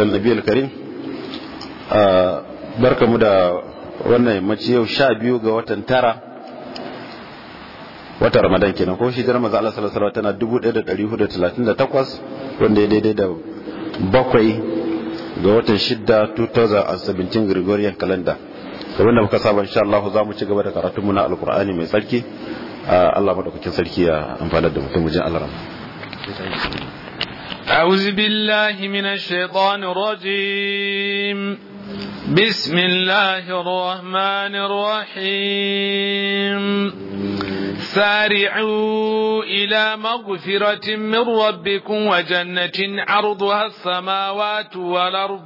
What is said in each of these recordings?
annabi barka ah, barkamu da wannan yammaci yau sha biyu ga watan tara watan ramadan kenan ko shi jirma za'ala salasala tana 1438 wanda ya daidai da bakwai ga watan shidda 2017 gregorian calendar kamar da muka saba insha Allah za mu ci gaba da karatunmu na alkur'ani mai tsarki ah, Allah madaukakin sarki ya amfana da mutum mujin Allah rahama أعوذ بالله من الشيطان الرجيم بسم الله الرحمن الرحيم سارعوا إلى مغفرة من ربكم وجنة عرضها السماوات والأرض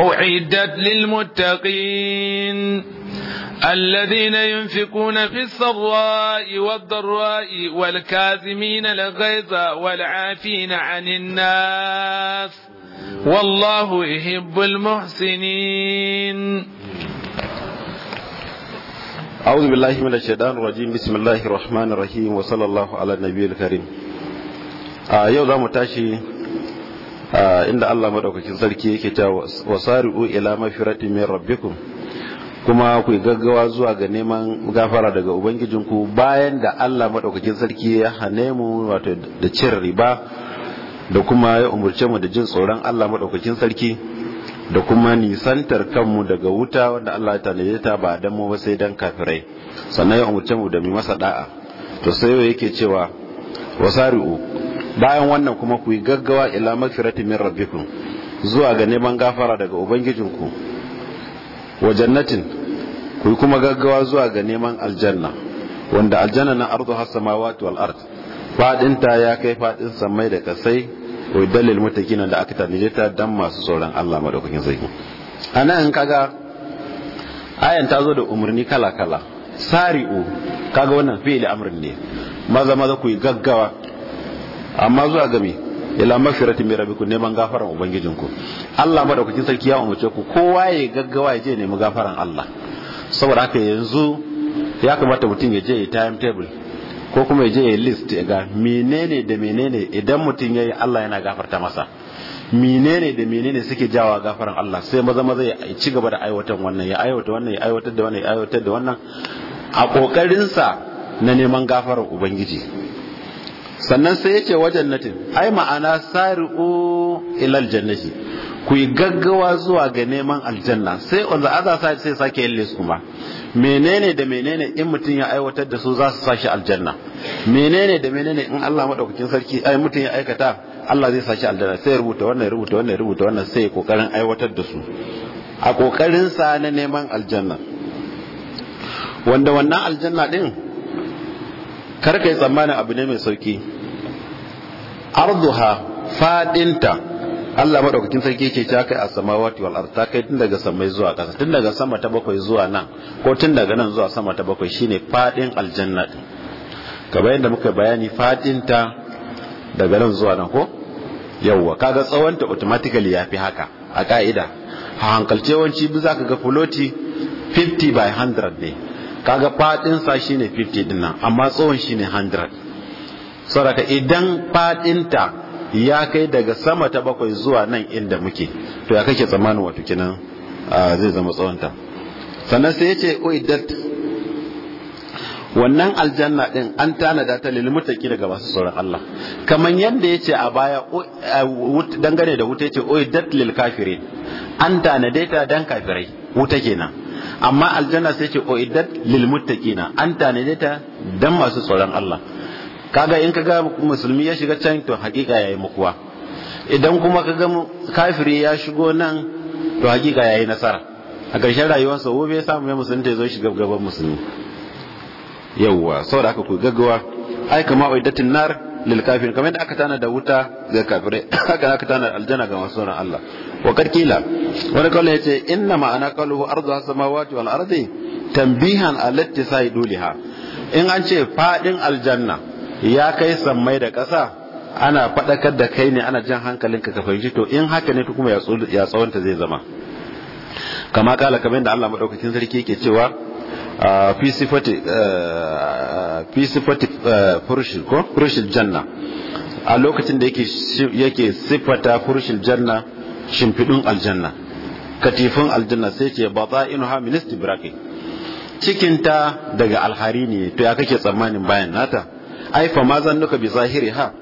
أعدت للمتقين الذين ينفقون في السراء والضراء والكاذمين الغيظ والعافين عن الناس والله يحب المحسنين أعوذ بالله من الشيطان الرجيم بسم الله الرحمن الرحيم وصلى الله على النبي الكريم yau آه، متاشي آه، إن الله inda Allah madaukakin وصاروا إلى cewa من ربكم kuma ku gaggawa zuwa ga neman gafara daga ubangijinku bayan da Allah Maɗaukakin sarki ya hane mu wato da cin riba da kuma ya umurce mu da jin tsoron Allah Maɗaukakin sarki da kuma nisantar kanmu daga wuta wanda Allah ya tanaje ta ba dan mu ba sai dan kafirai sannan ya umurce mu da mu masa da'a to sai yake cewa wasari'u bayan wannan kuma ku yi gaggawa ila magfirati min rabbikum zuwa ga neman gafara daga ubangijinku wa jannatin ku kuma gaggawa zuwa ga neman aljanna wanda aljanna na ardu has samawati wal ard ta ya kai fadin samai da kasai ko dalil mutakin da aka tanije ta dan masu tsoron Allah madaukakin sarki anan in kaga ayan ta zo da umarni kala kala sari'u kaga wannan fi'il amrin ne maza maza ku gaggawa amma zuwa ga me ila magfiratin rabi ku neman gafaran ubangijinku Allah madaukakin sarki ya umarce ku kowa ya gaggawa ya je nemi gafaran Allah saboda haka yanzu ya kamata mutum ya je ya time table ko kuma ya je ya list ya ga menene da menene idan mutum ya yi Allah yana gafarta masa menene da menene suke jawa gafaran Allah sai maza maza ya ci gaba da aiwatar wannan ya aiwata wannan ya aiwatar da wannan ya aiwatar da wannan a kokarinsa na neman gafaran ubangiji sannan sai yace wajen natin ai ma'ana sari'u ilal jannati ku yi gaggawa zuwa ga neman aljanna sai on the other side sai sake yin list kuma menene da menene in mutum ya aiwatar da su za su sashi aljanna menene da menene in Allah madaukakin sarki ai mutum ya aikata Allah zai sashi aljanna sai rubuta wannan rubuta wannan rubuta wannan sai kokarin aiwatar da su a kokarin sa na neman aljanna wanda wannan aljanna din kar kai tsammanin abu ne mai sauki arduha fadinta Allah madaukakin sarki yake cewa kai as-samawati wal ard ta kai tun daga samai zuwa kasa tun daga sama ta bakwai zuwa nan ko tun daga nan zuwa sama ta bakwai shine fadin aljanna din kamar yadda muka bayani fadinta daga nan zuwa nan ko yawwa kaga tsawonta automatically yafi haka a ka'ida a hankalce wanci bi zaka ga floti 50 by 100 ne kaga fadin sa shine 50 din nan amma tsawon shine 100 saraka idan fadinta ya kai daga sama ta bakwai zuwa nan inda muke to ya kake tsammanin wato kenan zai zama tsawonta sannan sai ya ce uiddat wannan aljanna din an tanada ta lil mutaki daga masu tsoron Allah kaman yanda yace a baya dangane da wuta yace uiddat lil kafirin an tanade ta dan kafirai wuta kenan amma aljanna sai yace uiddat lil muttaqina an tanade ta dan masu tsoron Allah kaga in kaga musulmi ya shiga can to hakika yayi mukuwa idan kuma kaga kafiri ya shigo nan to hakika yayi nasara a ƙarshen rayuwarsa wo bai samu ya musulunta ya zo shiga gaban musulmi yawwa saboda haka ku gaggawa ai kama uiddatin nar lil kafir kamar yadda aka tana da wuta ga kafirai haka aka tana aljanna ga masu tsoron Allah wa karkila wani kawai ya ce inna ma'ana kaluhu ardu samawati wal ardi tambihan alatti ittisai duliha in an ce fadin aljanna ya kai sammai da ƙasa ana faɗakar da kai ne ana jan hankalinka ka fahimci to in haka ne kuma ya tsawonta zai zama kama kala kamar da Allah madaukakin sarki yake cewa a fi janna a lokacin da yake sifata furushil janna shimfidun aljanna katifin aljanna sai ce ba inu ha istibraqi cikin cikinta daga alhari ne to ya kake tsammanin bayan nata aifa ma zan nuka bi zahiri ha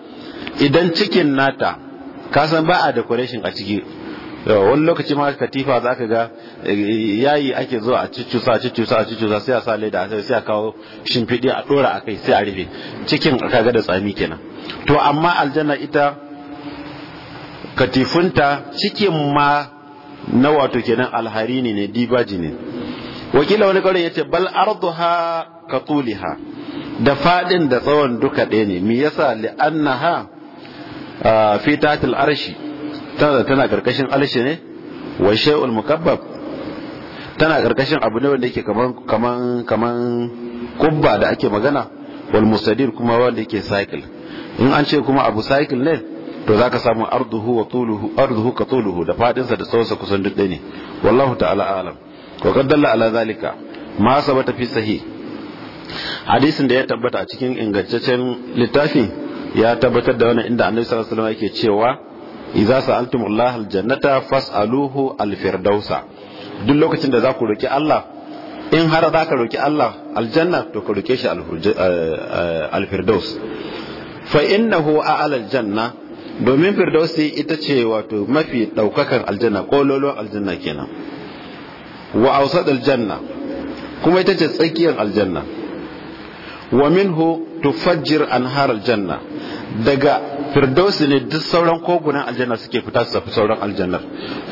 idan cikin nata kasan ba a decoration a ciki wani lokaci ma katifa za ka ga eh, yayi ake zuwa a cicusa a cicusa a cicusa sai a sa leda a sai a kawo shimfiɗi a ɗora a kai sai a rufe cikin ka ga da tsami kenan to amma aljanna ita katifunta cikin ma na wato kenan alharini ne dibaji ne wakila wani ya yace bal arduha ka da fadin da tsawon duka ɗaya ne me yasa li'annaha fi tatil arshi tana tana karkashin arshi ne wa shay'ul mukabbab tana karkashin abu ne wanda yake kaman kaman kaman kubba da ake magana wal musadir kuma wanda yake cycle in an ce kuma abu cycle ne to zaka samu arduhu wa tuluhu arduhu ka tuluhu da fadin sa da tsawon sa kusan duk ɗaya ne wallahu ta'ala alam ko qaddalla ala zalika ma sabata fi sahih hadisin da ya tabbata a cikin ingantaccen littafi ya tabbatar da wani inda annabi sallallahu alaihi wasallam yake cewa idza sa'altumullah aljannata fas'aluhu alfirdausa duk lokacin da za ku roki Allah in har za ka roki Allah aljanna to ka roke shi eh, alfirdaus fa innahu a'la aljanna domin firdausi ita ce wato mafi daukakan aljanna kololon aljanna kenan wa awsad aljanna kuma ita ce tsakiyar aljanna wa minhu tufajjir anhar aljanna daga firdausi ne duk sauran kogunan aljanna suke fita su tafi sauran aljannar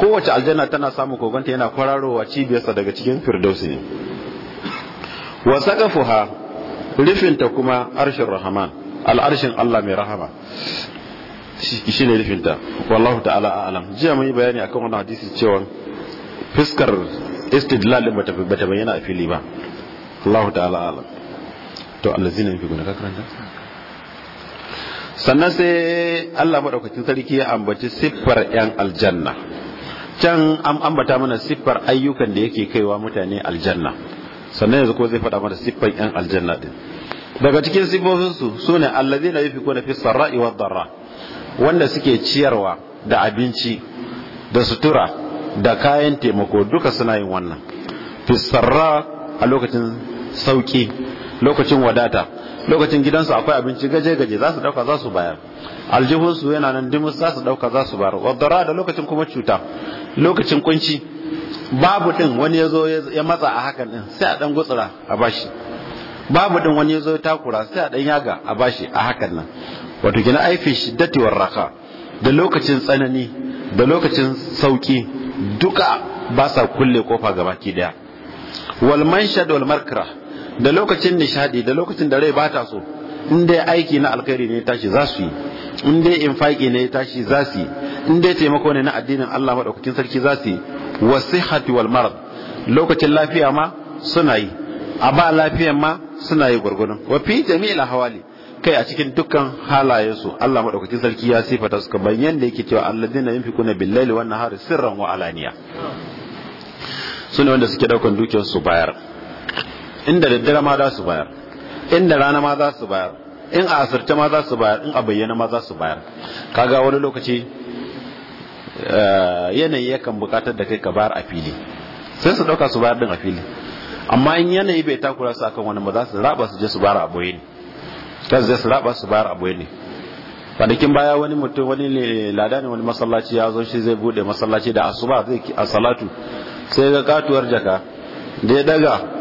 kowace aljanna tana samun kogonta yana kwararowa cibiyarsa daga cikin firdausi ne wa saqafuha rufinta kuma arshin rahman al'arshin Allah mai rahama shi ne rufinta wallahu ta'ala a'lam jiya mun yi bayani akan wannan hadisi cewa fiskar istidlal bata bayyana a fili ba Allah ta'ala a'lam to allazina yake ka karanta sannan sai Allah madaukakin sarki ya ambaci siffar yan aljanna can an ambata mana siffar ayyukan da yake kaiwa mutane aljanna sannan yanzu ko zai faɗa mana siffar yan aljanna din daga cikin siffofin su sune allazina yunfiquna fi sarra'i wa darra wanda suke ciyarwa da abinci da sutura da kayan taimako duka suna yin wannan fi sarra a lokacin sauki lokacin wadata lokacin gidansu akwai abinci gaje gaje za su dauka za su bayar aljihunsu yana nan dimus za su dauka za su bayar wadara da lokacin kuma cuta lokacin kunci babu din wani ya zo ya matsa a hakan din sai a dan gutsura a bashi babu din wani ya zo ya takura sai a dan yaga a bashi a hakan nan wato kina aifi shiddati raka da lokacin tsanani da lokacin sauki duka ba sa kulle kofa gabaki daya wal manshad wal da lokacin nishadi da lokacin da rai bata so in dai aiki na alkhairi ne tashi za su yi in dai infaki ne tashi za su yi in dai taimako ne na addinin Allah madaukakin sarki za su yi wa sihhati wal marad lokacin lafiya ma suna yi a ba lafiyan ma suna yi gurgurun wa fi jami'il hawali kai a cikin dukkan halaye su Allah madaukakin sarki ya sifata suka bayan da yake cewa alladina yunfikuna billali wan nahari sirran wa alaniya sune wanda suke daukan dukiyar su bayar inda daddare ma za su bayar inda rana ma za su bayar in a asirce ma za su bayar in a bayyana ma za su bayar kaga wani lokaci eh, yanayi yakan bukatar da kai ka bayar a fili sai su dauka su bayar din a fili amma in yanayi bai takura su akan wani ba za su raba su je su bayar a boye ne kan zai su raba su bayar a boye ne kwanakin baya wani mutum wani lada ne wani masallaci ya zo shi zai bude masallaci da asuba zai a salatu sai ga katuwar jaka da ya daga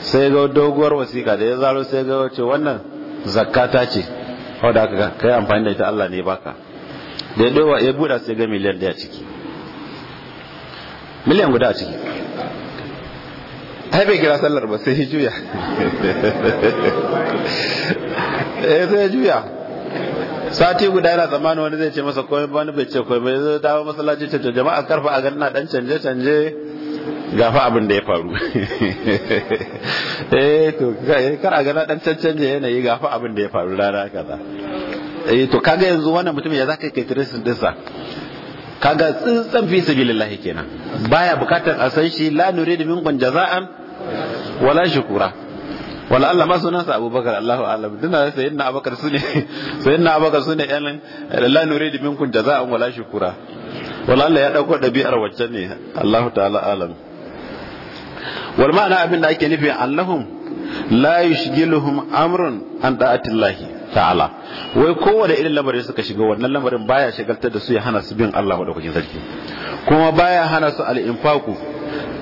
sai ga doguwar wasiƙa da ya zaro sai ga wace wannan zakata ce wadda aka kai amfani da ita Allah ne baka da ya dowa ya buɗa sai ga miliyan ɗaya ciki miliyan guda a ciki ai bai kira sallar ba sai juya eh sai juya sati guda yana tsammanin wani zai ce masa komai ba wani bai ce komai zai dawo masallaci ce to jama'a karfa a ganin na dan canje canje gafa abin da ya faru eh to eh, kar a gana dan cancanje yanayi gafa abin da ya faru rana kaza eh to kaga yanzu wannan mutum ya zaka kai tracing dinsa kaga tsintsan fi sabilillahi kenan baya bukatar a san shi la nuridu minkum jaza'an wala shukura wala Allah ma sunan sa Abubakar Allahu a'lam dina sayyidina Abubakar sune sayyidina Abubakar sune yan eh, la nuridu minkum jaza'an wala shukura wala Allah ya dauko dabi'ar wacce ne Allahu ta'ala alam wal ma'ana abin da ake nufi annahum la yushgiluhum amrun an da'atillahi ta'ala wai kowane irin lamarin suka shiga wannan lamarin baya shagaltar da su ya hana su bin Allah madaukakin sarki kuma baya hana su al-infaqu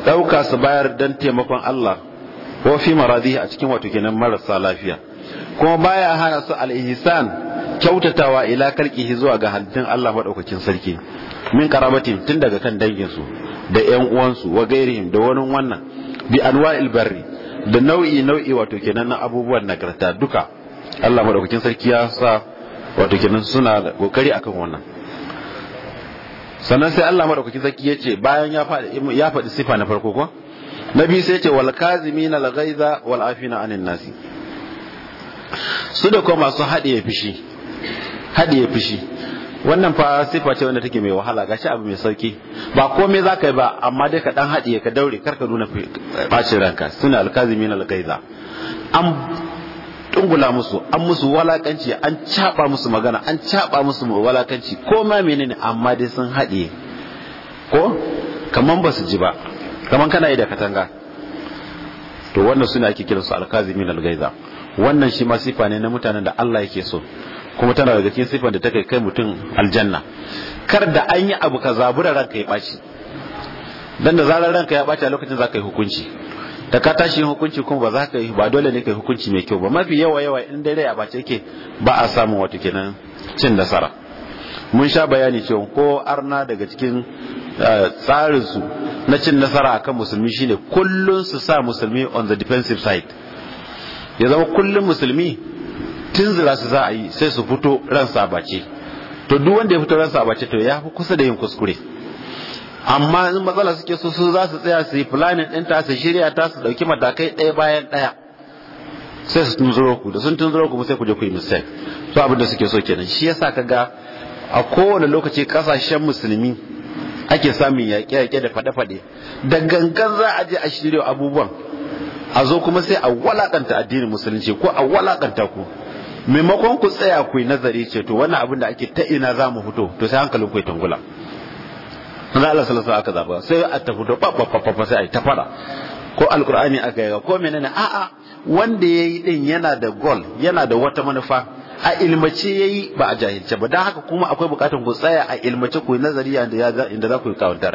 dauka su bayar dan taimakon Allah ko fi maradihi a cikin wato kenan marasa lafiya kuma baya hana su al-ihsan kyautatawa ila kalkihi zuwa ga halittun Allah madaukakin sarki min karamatin tun daga kan dangin su da ƴan uwansu wa gairihim da wani wannan bi anwa'il barri da nau'i nau'i wato kenan na abubuwan nagarta duka Allah madaukakin sarki ya sa wato kenan suna da kokari akan wannan sannan sai Allah madaukakin sarki ya ce bayan ya faɗi ya faɗi sifa na farko ko na biyu sai ya ce wal kazimin al ghaiza wal afina anin nasi su da kuma masu haɗiye fishi haɗiye fishi wannan fa sifa ce wanda take mai wahala gashi abu mai sauki ba komai za ka yi ba amma dai ka dan haɗiye ka daure kar ka nuna bacin ranka suna alkazimin algaiza an dungula musu an musu walakanci an caɓa musu magana an caɓa musu walakanci ko ma menene amma dai sun haɗiye ko kaman ba su ji ba kaman kana yi da katanga to wannan suna ake kiransu alkazimin algaiza wannan shi ma sifa ne na mutanen da Allah yake so kuma tana daga cikin sifan da take kai mutum aljanna kar da an yi abu ka zabura ranka ya ɓaci dan da zarar ranka ya ɓaci a lokacin za ka yi hukunci da ka tashi hukunci kuma ba za ka yi ba dole ne ka yi hukunci mai kyau ba mafi yawa yawa in dai rai a yake ba a samu wata kenan cin nasara mun sha bayani cewa ko arna daga cikin eh, tsarin su na cin nasara akan musulmi shine kullun su sa musulmi on the defensive side ya zama kullun musulmi tunzura su za a yi sai su fito ran sabace to duk wanda ya fito ran sabace to ya fi kusa da yin kuskure amma in matsala suke so su za su tsaya su yi planning ta su shirya ta su ɗauki matakai ɗaya bayan ɗaya sai su tunzuro ku da sun tunzuro ku sai ku je ku yi mistake to abin suke so kenan shi yasa ka ga a kowane lokaci kasashen musulmi ake samun yaƙe-yaƙe da faɗe-faɗe da gangan za a je a shirya abubuwan a zo kuma sai a walakanta addinin musulunci ko a walakanta ku maimakon ku tsaya ku yi nazari ce to wannan abin da ake ta ina za mu fito to sai hankalin ku ya tangula manzo Allah sallallahu alaihi aka zaba sai a ta fito ba ba ba sai a ta fara ko alqur'ani aka yi ko menene a'a wanda yayi din yana da goal yana da wata manufa a ilmace yayi ba a jahilce ba dan haka kuma akwai bukatun ku tsaya a ilmace ku nazari inda za ku yi kawuntar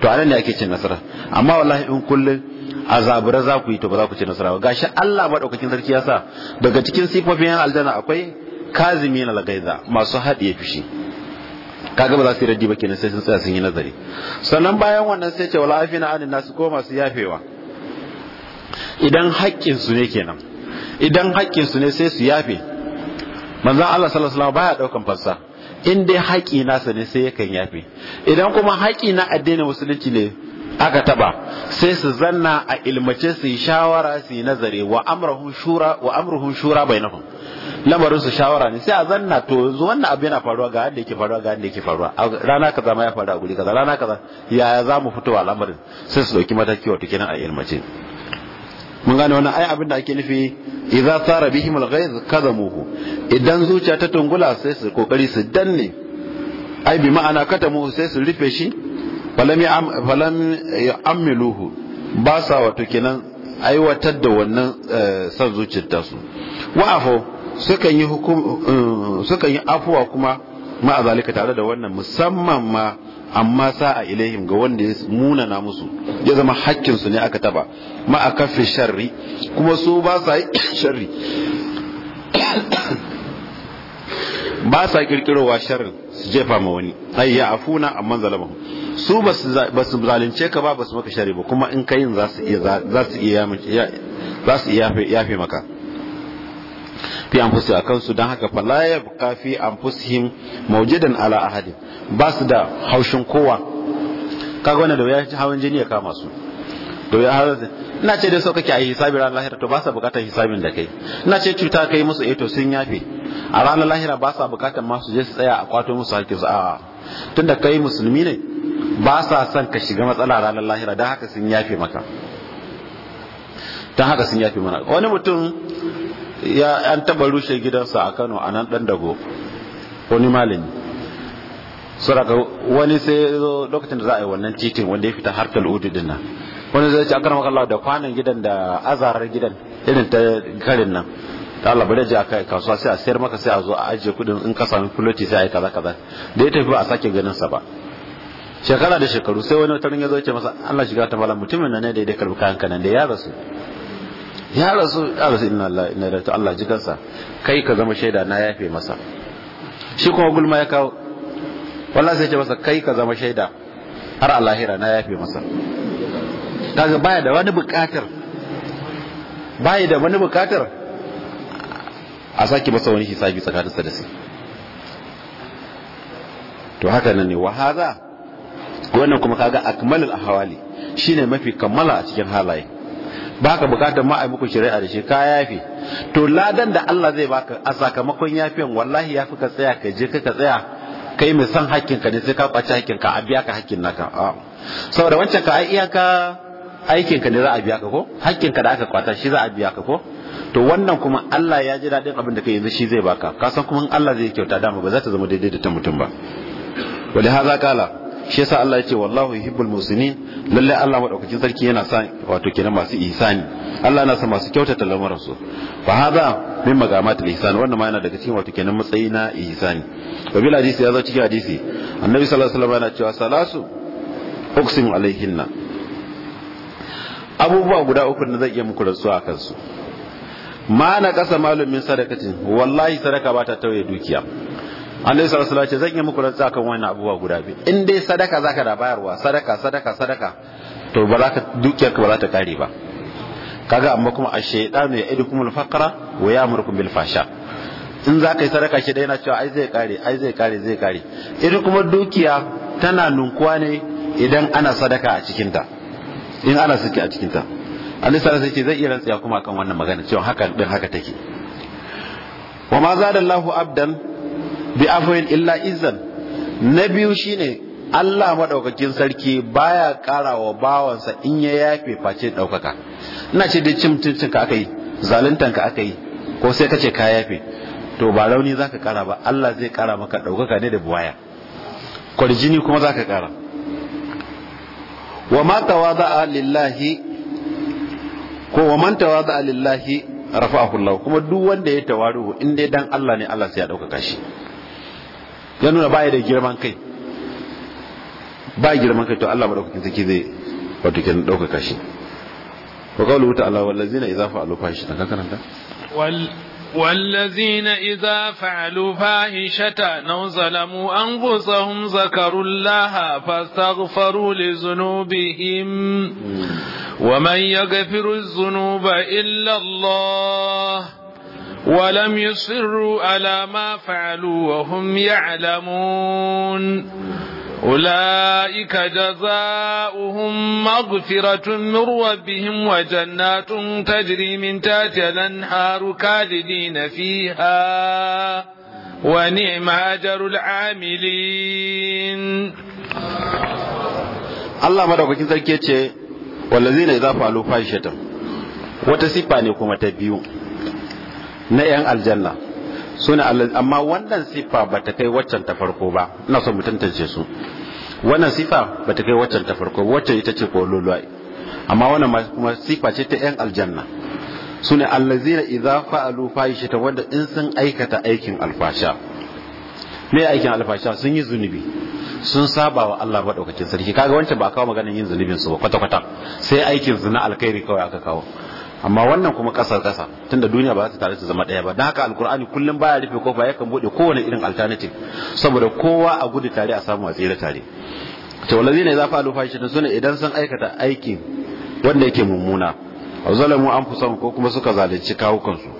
to anan ne ake cin nasara amma wallahi in kullum a zabura za ku yi to ba za ku ci nasara ba gashi Allah madaukakin sarki ya sa daga cikin sifofin yan aljanna akwai kazimin al-gaiza masu haɗiye fushi kaga ba za su yi raddi ba kenan sai sun tsaya sun yi nazari sannan bayan wannan sai ce wala afina anin nasu ko masu yafewa idan haƙƙin su ne kenan idan haƙƙin su ne sai su yafe manzon Allah sallallahu alaihi wasallam baya daukan fassa in dai haƙi nasa ne sai yakan yafe idan kuma haƙi na addinin musulunci ne aka taba sai su zanna a ilmace su yi shawara su yi nazari wa amruhun shura wa amruhum shura bainahum lamarin su shawara ne sai a zanna to yanzu wannan abin yana faruwa ga yadda yake faruwa ga yadda yake faruwa rana kaza ma ya faru a guri kaza rana kaza yaya za mu fito a lamarin sai su dauki mataki wato kenan a ilmace mun gane wannan ai abin da ake nufi idza sara bihim alghayz kadamuhu idan zuciya ta tungula sai su kokari su danne ai bi ma'ana katamu sai su rufe shi falam ya'amiluhu ba sa wato kenan aiwatar da wannan eh, san zuciyar tasu wa'afo sukan yi hukum eh, yi afuwa kuma ma azalika tare da wannan musamman ma amma sa'a ilaihim ga wanda ya munana musu ya zama hakkin su ne aka taba ma a kafe sharri kuma su ba sa yi sharri ba sa kirkirowa sharri su jefa ma wani ai ya afuna amma zalamahum su ba su zalunce ka ba ba su maka shari ba kuma in ka yin za su iya yafe maka fi an fusi a kansu don haka falaya buka fi an fusi maujidan ala hadin. ba su da haushin kowa ka wani da wuyan hawan jini ya kama su wuyan ya jini ina ce dai sauka kake a hisabi ranar lahira to ba sa bukatar hisabin da kai ina ce cuta kai musu eto eh sun yafe a ranar lahira ba sa bukatar masu su je su tsaya a kwato musu hakkin su a'a tunda kai musulmi ne ba sa son ka shiga matsala ranar lahira don haka sun yafe maka don haka sun yafe mana wani mutum ya an taba rushe gidansa a kano a nan dan dago wani malami saraka wani sai zo lokacin da za a yi wannan titin wanda ya fita har udu din nan wani zai ce akar makalla da kwanan gidan da azarar gidan irin ta karin nan ta Allah bari ji aka kasuwa sai a sayar maka sai a zo a ajiye kudin in ka sami fuloti sai a yi kaza kaza da ya tafi ba a sake ganin sa ba shekara da shekaru sai wani wata ya zoce masa Allah shiga ta malam mutumin nan ne da ya karbi kayan kanan da ya rasu ya rasu ya rasu inna Allah inna da Allah jikansa kai ka zama shaida na yafe masa shi kuma gulma ya kawo wallahi sai ce masa kai ka zama shaida har a lahira na yafe masa kaga baya da wani bukatar baya da wani bukatar a saki masa wani hisabi tsakaninsa da su to haka nan ne wa haza wannan kuma kaga akmalul ahwali shine mafi kammala a cikin halaye baka bukatar ma a muku shari'a da shi ka yafi to ladan da Allah zai baka a sakamakon yafiyan wallahi yafi ka tsaya ka je ka tsaya kai mai san hakkin ka ne sai ka kwace hakkin ka a biya ka hakkin naka saboda wancan ka ai iyaka aikin ne za a biya ka ko hakkin da aka kwata shi za a biya ka ko to wannan kuma Allah ya ji dadin abin da kai yanzu shi zai baka ka san kuma Allah zai kyauta dama ba za ta zama daidai da ta mutum ba wali haza kala shi yasa Allah ya ce wallahu yuhibbul muslimin lalle Allah madaukakin sarki yana sa wato kenan masu ihsani Allah yana sa masu kyautata lamarin su fa hada min magamatul ihsan wannan ma yana daga cikin wato kenan matsayi na ihsani wabil hadisi ya zo cikin hadisi annabi sallallahu alaihi wasallam yana cewa salasu uqsimu alaihinna abubuwa guda uku da zai iya muku rasu a su ma na kasa malumin sadakacin wallahi sadaka ba ta tauye dukiya Allah sallallahu alaihi zan iya muku rantsa kan wannan abubuwa guda biyu in dai sadaka zaka da bayarwa sadaka sadaka sadaka to ba za ka ka ba za ta kare ba kaga amma kuma a shaidanu ya idu kumul faqra wa ya'murukum bil fasha in za ka yi sadaka shi yana cewa ai zai kare ai zai kare zai kare idan kuma dukiya tana nunkuwa ne idan ana sadaka a cikinta in ana suke a cikinta Allah sallallahu alaihi zai iya rantsiya kuma kan wannan magana cewa hakan din haka take wa ma zada Allahu abdan bi afwin illa izan na biyu shine Allah maɗaukakin sarki baya wa bawansa in ya yafe face daukaka ina ce dai cimtuncin ka aka yi zaluntan ka aka yi ko sai ka ka yafe to ba rauni zaka kara ba Allah zai kara maka daukaka ne da buwaya kwarjini kuma zaka kara wa ma tawada'a lillahi ko wa man tawada'a lillahi rafa'ahu Allah kuma duk wanda ya tawaru inda dai dan Allah ne Allah sai ya daukaka shi ya nuna baya da girman kai ba girman kai to Allah madaukakin sarki zai wato kin daukaka shi wa qawluhu ta'ala wallazina idza fa'alu fahishan kan karanta wal والذين إذا فعلوا فاحشة أو ظلموا أنفسهم ذكروا الله فاستغفروا لذنوبهم ومن يغفر الذنوب إلا الله ولم يصروا على ما فعلوا وهم يعلمون أولئك جزاؤهم مغفرة من ربهم وجنات تجري من تحتها الأنهار كالدين فيها ونعم أجر العاملين Allah madaukakin sarki ce wallazina idza falu fahishatan wata sifa ne kuma ta biyu na 'yan aljanna suna amma wannan sifa ba ta kai waccan ta farko ba ina son mutuntance su wannan sifa ba ta kai waccan ta farko wacce ita ce kololuwa amma wannan kuma sifa ce ta 'yan aljanna suna allazina idza fa'alu ta wanda in sun aikata aikin alfasha me aikin alfasha sun yi zunubi sun saba wa Allah madaukakin sarki kaga wancan ba kawo maganin yin zunubin su ba kwata kwata sai aikin zina alkhairi kawai aka kawo amma wannan kuma kasar kasa tunda duniya ba za ta tare ta zama daya ba don haka alkur'ani kullum baya rufe kofa ya kan bude kowane irin alternative saboda kowa a gudu tare a samu a tsira tare to wallazi ne za fa alufa shi sune idan sun aikata aikin wanda yake mummuna aw zalamu anfusahum ko kuma suka zalunci kawukansu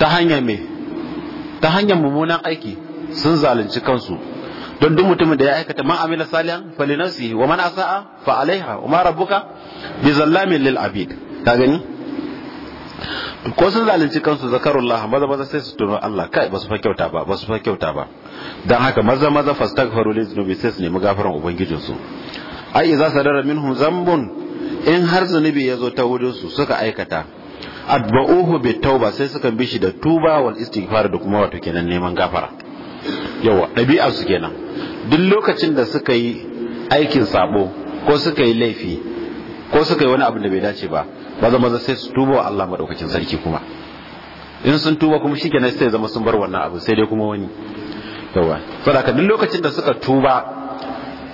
ta hanyar me ta hanyar mummunan aiki sun zalunci kansu don duk mutumin da ya aikata man amila salihan falinansi wa man asa'a fa alaiha wa ma rabbuka bi zallamin lil abid ka gani ko sun zalunci kansu zakarullah maza maza sai su tuno Allah kai basu fa kyauta ba basu fa kyauta ba dan haka maza maza fastaghfiru li dhunubi sai su nemi gafaran ubangijin su ai idza sadara minhum zambun in har zunubi yazo ta wurin su suka aikata adba'uhu bi tauba sai suka bi shi da tuba wal istighfar da kuma wato kenan neman gafara yawa ɗabi'a su kenan duk lokacin da suka yi aikin sabo ko suka yi laifi ko suka yi wani abu da bai dace ba maza maza sai su tuba wa Allah madaukakin sarki kuma in sun tuba kuma shikenan sai zama sun bar wannan abu sai dai kuma wani yawa saboda duk lokacin da suka tuba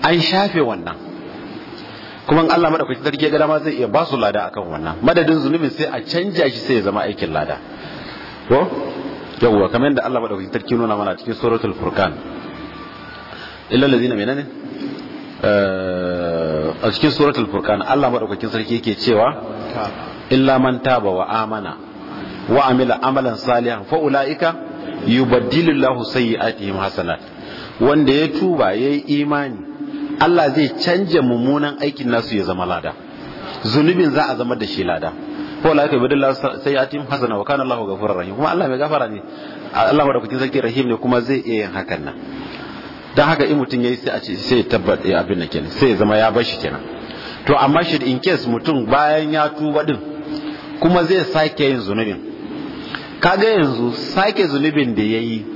an shafe wannan kuma Allah madaukakin sarki ya ga dama zai iya ba su lada akan wannan madadin zunubin sai a canja shi sai ya zama aikin lada ko yawa kamar yadda Allah madaukakin sarki nuna mana cikin suratul furqan illa allazina menene eh a cikin suratul furqan Allah madaukakin sarki yake cewa illa man taba wa amana wa amila amalan salihan fa ulaika yubaddilu Allahu sayyi'atihim hasanat wanda ya tuba yi imani Allah zai canja mummunan aikin nasu ya zama lada zunubin za a zama da shi lada fa la yubaddilu bidalla sai ya wa kana Allahu ghafurur rahim kuma Allah mai gafara ne Allah madaukakin sarki rahim ne kuma zai iya yin hakan nan don haka in mutum ya yi sai a ce sai tabbat ya abin da kenan sai ya zama ya bashi kenan to amma shi in case mutum bayan ya tuba din kuma zai sake yin zunubin kaga yanzu sake zunubin da ya yi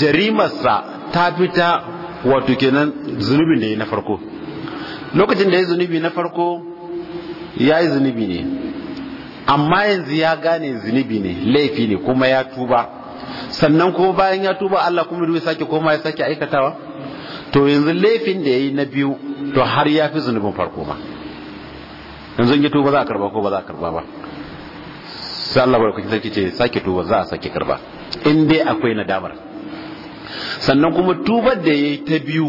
jarimarsa ta fita wato kenan zunubin da ya yi na farko lokacin da ya yi zunubi na farko ya yi zunubi ne amma yanzu ya gane zunubi ne laifi ne kuma ya tuba sannan kuma bayan ya tuba Allah kuma ya sake koma ya sake aikatawa to yanzu laifin da yayi na biyu to har ya fi zunubin farko ma yanzu ya tuba za a karba ko ba za a karba ba sai Allah barkaki sarki ce sake tuba za a sake karba in dai akwai nadamar sannan kuma tubar da yayi ta biyu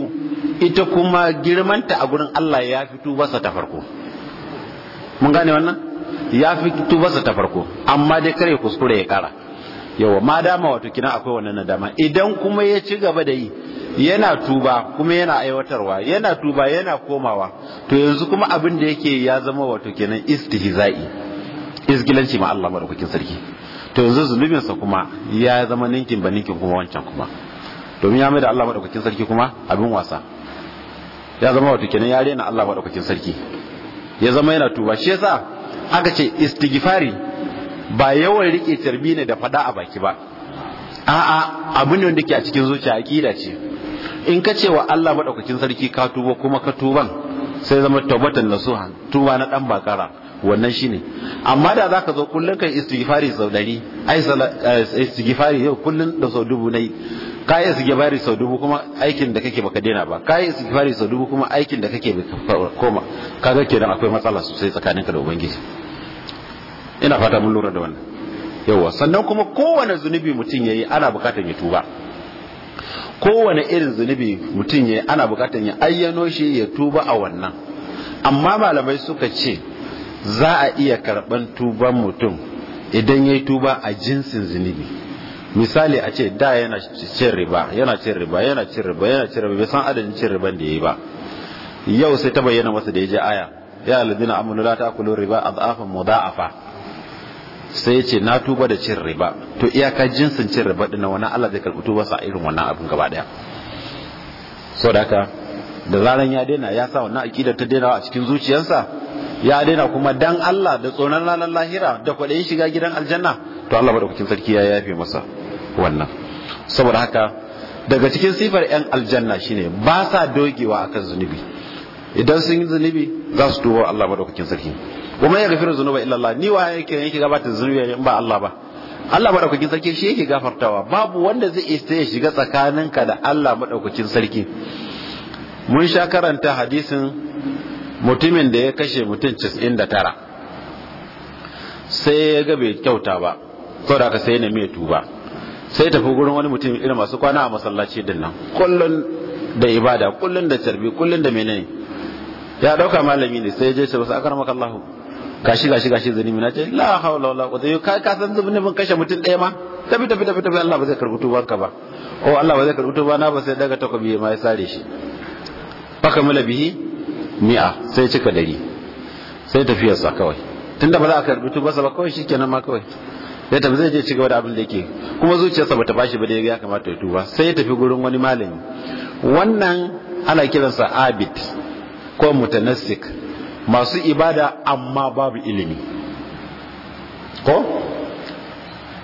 ita kuma girmanta a gurin Allah ya fi tubarsa ta farko mun gane wannan ya fi tubarsa ta farko amma dai kare kuskure ya kara yawa ma dama wato kina akwai wannan nadama idan kuma ya ci gaba da yi yana tuba kuma yana aiwatarwa yana tuba yana komawa to yanzu kuma abin da yake ya zama wato kenan istihza'i izgilanci ma Allah madaukakin sarki to yanzu zunubin sa kuma ya zama ninkin ba ninkin kuma wancan kuma domin ya mai da Allah madaukakin sarki kuma abin wasa ya zama wato kenan ya rena Allah madaukakin sarki ya zama yana tuba shi yasa aka ce istighfari ba yawan rike tarbi ne da fada a baki ba a'a abin ne wanda ke a cikin zuciya akida ce in ka ce wa Allah madaukakin sarki ka tuba kuma ka tuban sai zama taubatan nasuha tuba na dan bakara wannan shine amma da zaka zo kullun kai istighfari sau dari ai eh, istighfari yau kullun da sau dubu nayi kai istighfari sau dubu kuma aikin da kake baka daina ba kai istighfari sau dubu kuma aikin da kake koma kaga kenan akwai matsala sosai tsakaninka da ubangiji ina fata mun lura da wannan yawa sannan kuma kowane zunubi mutum ya yi ana bukatar ya tuba kowane irin zunubi mutum ya yi ana bukatar ya ayyano shi ya tuba a wannan amma malamai suka ce za a iya karɓar tuban mutum idan yayi tuba a jinsin zunubi misali a ce da yana cin riba yana cin riba yana cin riba yana cin riba bai san adadin cin riban da ya yi ba yau sai ta bayyana masa da ya je aya ya alladina amanu la ta'kulu riba adhafan mudha'afa sai ce na tuba da cin riba to iyaka jinsin cin riba din wani Allah zai karɓi tuba sa irin wannan abin gaba daya saboda haka da zaran ya daina ya sa wannan aqidar ta daina a cikin zuciyarsa ya daina kuma dan Allah da tsoron ranar lahira da kwaɗayin shiga gidan aljanna to Allah madaukakin sarki ya yafe masa wannan saboda haka daga cikin sifar yan aljanna shine ba sa dogewa akan zunubi idan sun yi zunubi za su tuba Allah madaukakin sarki kuma ya gafiru zunuba illa Allah ni waye yake yake gabatar zunubi in ba Allah ba Allah madaukakin sarki shi yake gafartawa babu wanda zai isa ya shiga tsakaninka da Allah madaukakin sarki mun sha karanta hadisin mutumin da ya kashe mutum 99 sai ya ga bai kyauta ba da ka sai na mai tuba sai tafi gurin wani mutum irin masu kwana a masallaci din nan kullun da ibada kullun da tarbi kullun da menene ya dauka malami ne sai ya je ce wasu akarmaka Allahu gashi gashi gashi zalimi na ce la haula wala quwwata yau ka san zubin mun kashe mutum daya ma tafi tafi tafi tafi Allah ba zai karbi tuban ba ko Allah ba zai karbi tuba na ba sai daga takobi ma ya sare shi faka mala bihi mi'a sai cika dari sai tafiyar sa kawai tunda ba za a karbi tuba sa ba kawai shikenan ma kawai ya tafi zai je ci gaba da abin da yake kuma zuciyarsa ta bashi ba da ya kamata ya tuba sai ya tafi gurin wani malami wannan ana kiransa abid ko mutanassik masu ibada amma babu ilimi ko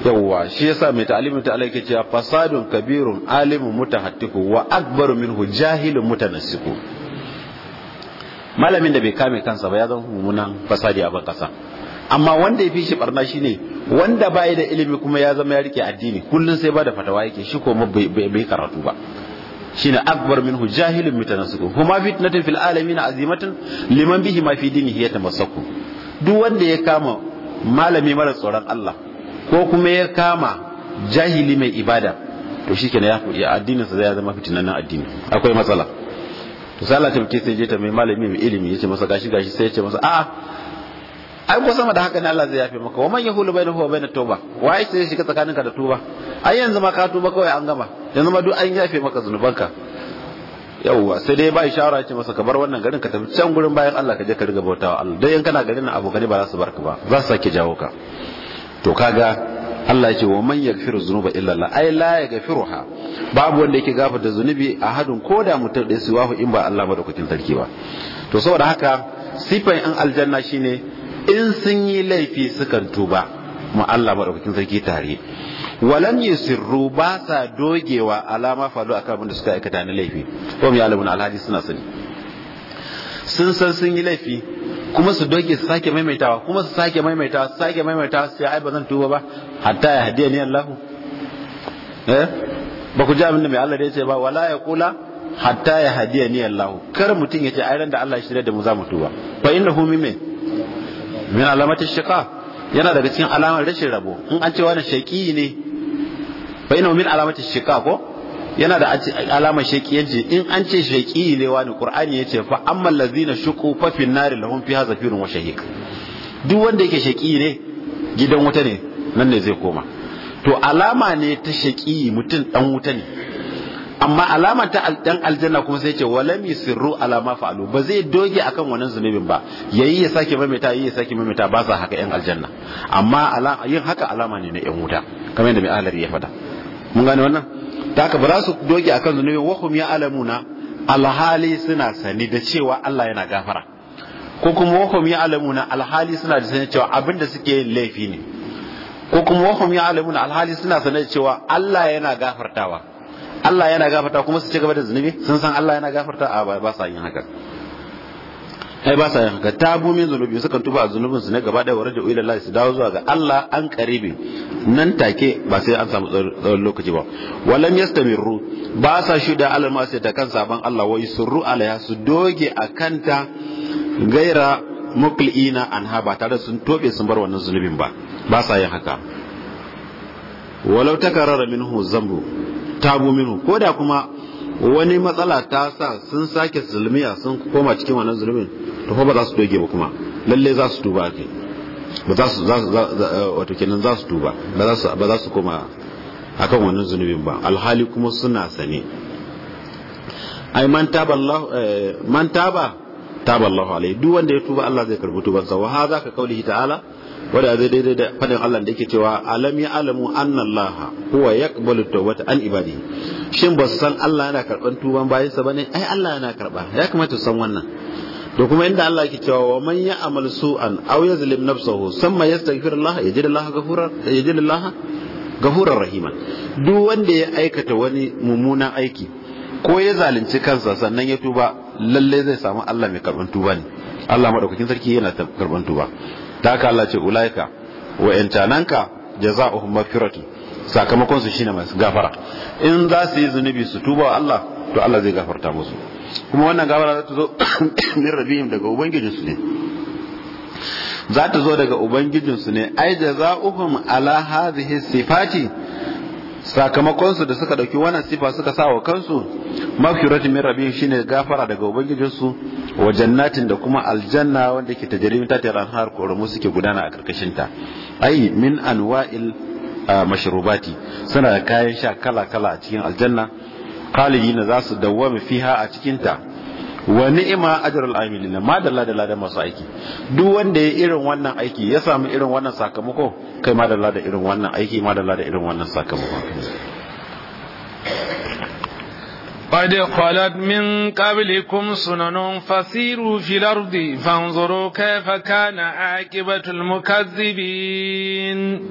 yawwa shi yasa mai ta'alimin ta alaiki cewa fasadun kabirun alimun mutahattiku wa akbaru minhu jahilun mutanassiku malamin da bai kame kansa ba ya zama mummunan fasadi a kasa amma wanda ya fi shi barna ne wanda bai da ilimi kuma ya zama ya rike addini kullum sai ba da fatawa yake shi ko bai karatu ba shine akbar minhu jahilun mutanassiku huma fitnatun fil alamin azimatun liman bihi ma fi dinihi yatamassaku duk wanda ya kama malami mara tsoron Allah ko kuma ya kama jahili mai ibada to shikenan ya kuɗi addinin sa zai zama fitinannen addini akwai matsala to sai Allah ta sai je ta mai malami mai ilimi yace masa gashi gashi sai yace masa a'a ai ko sama da haka ne Allah zai yafe maka wa man yahulu bainahu wa bainat tauba ai sai shiga ka da tuba ai yanzu ma ka tuba kawai an gama yanzu ma duk an yafe maka zunubanka yauwa sai dai ba ishara ce masa ka bar wannan garin ka tafi can gurin bayan Allah ka je ka riga bautawa Allah dai in kana garin nan gani ba za su barka ba za su sake jawo ka to kaga Allah ce wa man yaghfiru dhunuba illa Allah ai la yaghfiruha babu wanda yake gafarta zunubi a hadun koda mutar da su wahu in ba Allah madaukakin sarki ba to saboda haka sifan an aljanna shine in sun yi laifi sukan tuba mu Allah madaukakin sarki tare walam yusirru ba sa dogewa alama falu akan abin da suka aikata na laifi wa ya alamun Alhaji suna sani sun san sun yi laifi kuma su doge su sake maimaitawa kuma su sake maimaitawa su sake maimaitawa sai ai ba zan tuba ba hatta ya hadiya ni Allah eh ba ku ji abin da mai Allah da ya ce ba wala ya kula hatta ya hadiya ni Allah kar mutum ya ce ai ran da Allah ya shirya da mu za mu tuba fa innahu mimmin min alamati shiqa yana daga cikin alamar rashin rabo in an ce wani shaqi ne fa ina min alamati shiqa ko yana da alamar shaqiyanci in an ce shaqi ne wani qur'ani yace fa ammal ladzina shuku fa fin nari lahum fiha zafirun wa shahiq duk wanda yake shaqi ne gidan wuta ne nan ne zai koma to alama ne ta shaqi mutum dan wuta ne amma alama ta dan aljanna kuma sai ce walam sirru ala ma fa'alu ba zai doge akan wannan zunubin ba yayi ya sake maimaita yayi ya sake maimaita ba sa haka yan aljanna amma yin haka alama ne na yan wuta kamar yadda mai alari ya faɗa mun gane wannan ta haka ba za su doge akan zunubin wahum ya alamuna alhali suna sani da cewa Allah yana gafara ko kuma wahum ya alamuna alhali suna da sani cewa abinda suke yin laifi ne ko kuma wahum ya alamuna alhali suna sani cewa Allah yana gafartawa Allah yana gafarta kuma su ci gaba da zunubi sun san Allah yana gafarta a ba sa yin haka ai ba sa yin haka bu min zunubi sukan tuba zunubin su ne gaba da da ila Allah su dawo zuwa ga Allah an karibi nan take ba sai an samu tsawon lokaci ba walam yastamirru ba sa shuda alal ma sai ta kan saban Allah wa yusurru alaiha su doge kanta gaira muqliina anha ba tare sun tobe sun bar wannan zunubin ba ba sa yin haka walau takarara minhu zambu tabu minhu ko da kuma wani matsala ta sa sun sake zulmiya sun koma cikin wannan zulmin to fa ba za su doge ba kuma lalle za su tuba kai ba za su eh, wato kenan za su tuba ba za su koma akan wannan zunubin ba alhali kuma suna sane ai man taba Allah eh, man taba taba Allah alai duk wanda ya tuba Allah zai karbi tubansa wa hadha ka kaulihi ta'ala wadda zai daidai da fadin Allah da yake cewa alam ya alamu annallaha huwa yaqbalu tawbata an ibadi shin ba su san Allah yana karban tuban bayan sa bane ai Allah yana karba ya kamata su san wannan to kuma inda Allah yake cewa wa man amal su'an aw yazlim nafsahu thumma yastaghfir Allah yajid Allah ghafurar yajid Allah ghafurar rahima duk wanda ya aikata wani mummunan aiki ko ya zalunci kansa sannan ya tuba lalle zai samu Allah mai karban tuba ne Allah madaukakin sarki yana karban tuba ta haka Allah ce ulaika intananka jaza'uhum mafiratu sakamakon su shine masu gafara in za su yi zunubi su tuba wa Allah to Allah zai gafarta musu kuma wannan gafara za ta zo min rabihim daga ubangijin su ne za ta zo daga ubangijin su ne ai jaza'uhum ala hadhihi sifati sakamakonsu da suka ɗauki wannan sifa suka sa wa kansu mafiratin min rabbihim shine gafara daga ubangijinsu wa jannatin da kuma aljanna wanda ke tajribi ta tare har koromu suke gudana a karkashin ta ai min anwa'il mashrubati suna da kayan sha kala kala a cikin aljanna khalidina za su dawwama fiha a cikin ta wa ni'ima ajrul amilin ma dalla dalla da masu aiki duk wanda ya irin wannan aiki ya samu irin wannan sakamako kai ma dalla da irin wannan aiki ma dalla da irin wannan sakamako قد خلت من قبلكم سنن فسيروا في الأرض فانظروا كيف كان عاقبة المكذبين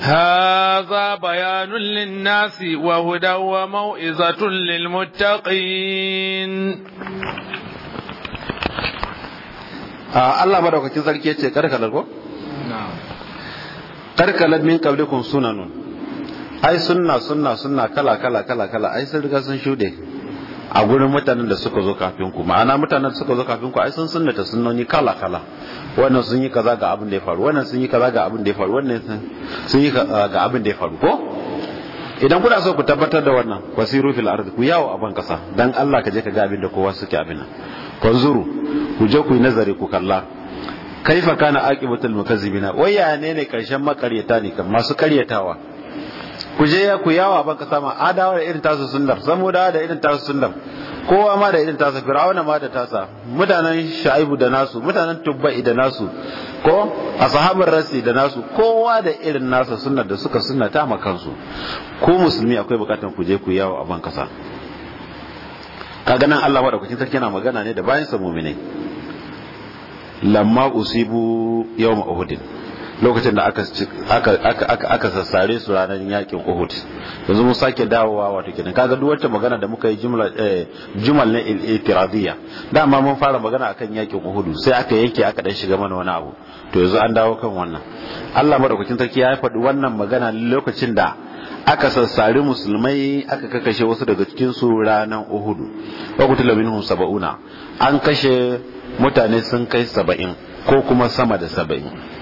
هذا بيان للناس وهدى وموئزة للمتقين Ah, Allah madaukakin sarki ya ce karkalar ko karkalar min suna sunanun ai sunna sunna sunna kala kala kala kala ai sun riga sun shuɗe a gurin mutanen da suka zo kafin ku ma'ana mutanen da suka zo kafin ku ai sun sunnata sunnoni kala kala wannan sun yi kaza ga abin da ya faru wannan sun yi kaza ga abin da ya faru wannan sun yi ga abin da ya faru ko idan kuna so ku tabbatar da wannan wasiru fil ardi ku yawo a ban kasa dan Allah ka je ka ga abin da kowa suke abin nan kunzuru ku je ku yi nazari ku kalla kaifa kana aqibatul mukazzibina ya ne ne karshen makaryata ne kan masu karyatawa ku je ku yawo a ban kasa ma adawa da irin tasu sunnar samuda da irin tasu sunnar kowa ma da irin tasa firawuna ma da tasa mutanen sha'ibu da nasu mutanen tubba'i da nasu ko ashabar rasi da nasu kowa da irin nasa sunnar da suka sunnata ma kansu ko musulmi akwai bukatan kuje je ku yawo a ban kasa kaga nan Allah madaukakin sarki yana magana ne da bayan sa mu'minai lamma usibu yawma uhudin lokacin da aka sassare su ranar yakin uhud yanzu mun sake dawowa wato kenan kaga duk wacce magana da muka yi jumla eh, jumal na iltiradiyya dama mun fara magana akan yakin uhud sai aka yanke aka dan shiga mana wani abu to yanzu an dawo kan wannan Allah madaukakin sarki ya faɗi wannan magana lokacin da aka sassare musulmai aka kakkashe wasu daga cikin su ranar uhud wa kutila minhum sab'una an kashe mutane sun kai saba'in ko kuma sama da saba'in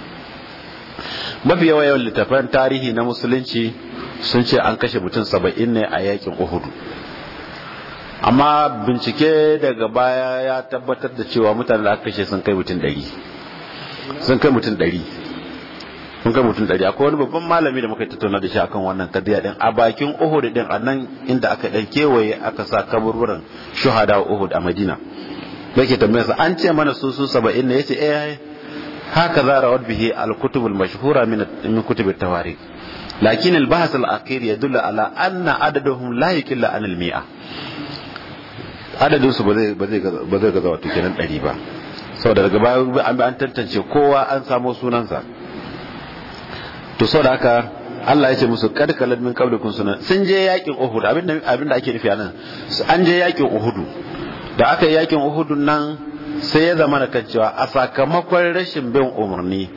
mafi yawa yawan littafan tarihi na musulunci sun ce an kashe mutum saba'in ne a yakin uhudu amma bincike daga baya ya tabbatar da cewa mutane da aka kashe sun kai mutum ɗari sun kai mutum ɗari sun kai mutum ɗari akwai wani babban malami da muka tattauna da shi akan wannan kadiya din a bakin uhud din a nan inda aka dan kewaye aka sa kaburburan shuhada uhud a madina ke tambayarsa an ce mana su su saba'in ne ya ce eh haka za rawar bihi alkutubul kutubul mashhura min kutubit tawarik lakin al-bahth al-akhir yadullu ala anna adaduhum la yakilla an al-mi'a adadin su ba zai ba zai gaza wato kenan 100 ba saboda daga baya an an tantance kowa an samo sunansa to saboda haka Allah ya ce musu kad kalad min qablikum sunan sun je yakin Uhud abinda abinda ake nufi anan an je yakin Uhud da aka yi yakin Uhud nan sai ya zama da cewa a sakamakon rashin bin umarni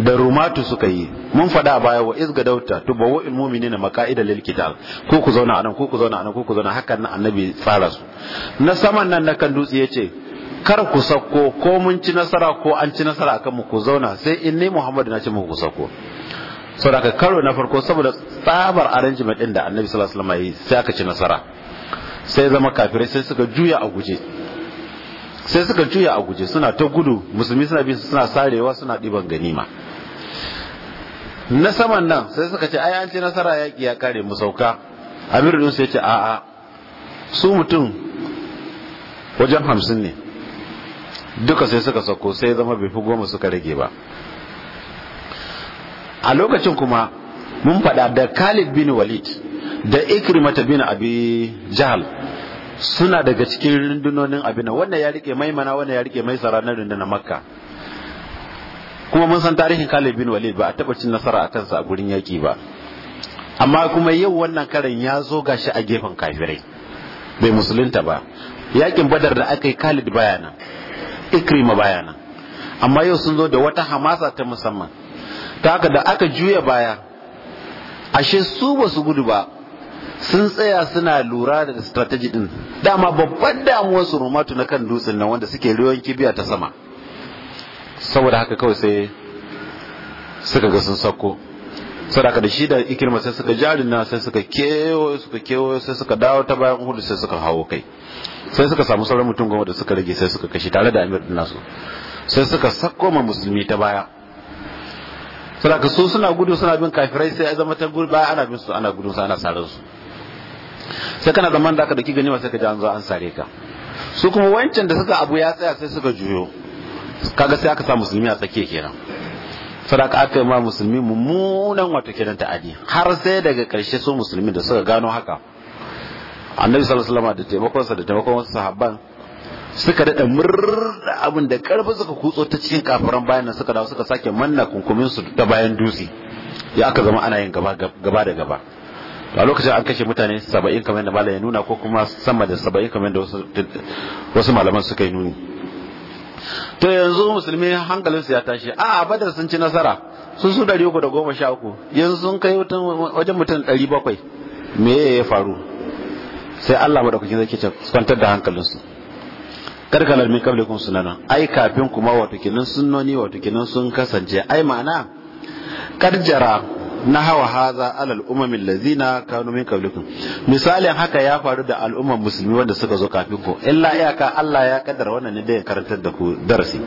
da rumatu suka yi mun faɗa a baya wa izga dauta to bawo il mu'minina maqaida lil ko ku zauna anan ko ku zauna anan ko ku zauna hakan na annabi tsara su na saman nan na kan dutse ce kar ku sako ko mun ci nasara ko an ci nasara akan mu ku zauna sai in ne muhammadu na ce muku ku sako saboda karo na farko saboda tsabar arrangement din da annabi sallallahu alaihi sai aka ci nasara sai zama kafirai sai suka juya a guje sai suka juya a guje suna ta gudu musulmi suna bi suna sarewa suna ɗiban ganima na saman nan sai suka ce ai an ce nasara yaƙi ya kare mu sauka amir din sai ce a'a su mutum wajen hamsin ne duka sai suka sauko sai zama bai fi goma suka rage ba a lokacin kuma mun faɗa da khalid bin walid da ikrimata bin abi jahal suna daga cikin rundunonin abin wannan ya rike maimana wannan ya rike maisara na rundunar makka kuma mun san tarihin Khalid bin Walid ba a taɓa cin nasara a kansa a gurin yaƙi ba amma kuma yau wannan karin ya zo gashi a gefen kafirai bai musulunta ba Yakin badar da aka yi Khalid bayana Ikrima bayana amma yau sun zo da wata hamasa ta musamman ta haka da aka juya baya ashe su ba su gudu ba sun tsaya suna lura da strategy din dama babban damuwar su rumatu na kan dutsen nan wanda suke riyon kibiya ta sama saboda haka kawai sai suka ga sun sako sadaka da shi da ikirma sai suka jarina sai suka kewo suka kewo sai suka dawo ta bayan hudu sai suka hawo kai sai suka samu sauran mutum goma da suka rage sai suka kashe tare da amir nasu sai suka sako ma musulmi ta baya sadaka su suna gudu suna bin kafirai sai ya zama ta gudu baya ana bin su ana gudun su ana sarar su sai kana zaman da aka dauki ba sai ka ji an zo an sare ka su kuma wancan da suka abu ya tsaya sai suka juyo kaga sai aka sa musulmi a tsakiya kenan sadaka aka yi ma musulmi mummunan wato kenan ta'adi har sai daga karshe su musulmi da suka gano haka annabi sallallahu alaihi wasallam da taimakonsa da taimakon wasu sahabban suka daɗa murda abin da ƙarfi suka kutso ta cikin kafiran bayan suka dawo suka sake manna kunkumin su ta bayan dutse ya aka zama ana yin gaba da gaba a lokacin an kashe mutane saba'in kamar da malam ya nuna ko kuma sama da saba'in kamar da wasu malaman suka yi nuni to yanzu musulmi hankalinsu ya tashi a badar sun ci nasara sun su dari uku da goma sha uku yanzu sun kai wajen mutum ɗari bakwai me ya faru sai Allah madaukakin zai kicin kwantar da hankalinsu karkalar min kablikum sunana ai kafin kuma wato sunnoni wato sun kasance ai ma'ana karjara na hawa haza alal umamin lazina kanu min qablikum misalin haka ya faru da al'ummar musulmi wanda suka zo kafin ku illa iyaka Allah ya kaddara wannan ne da ya karantar da ku darasi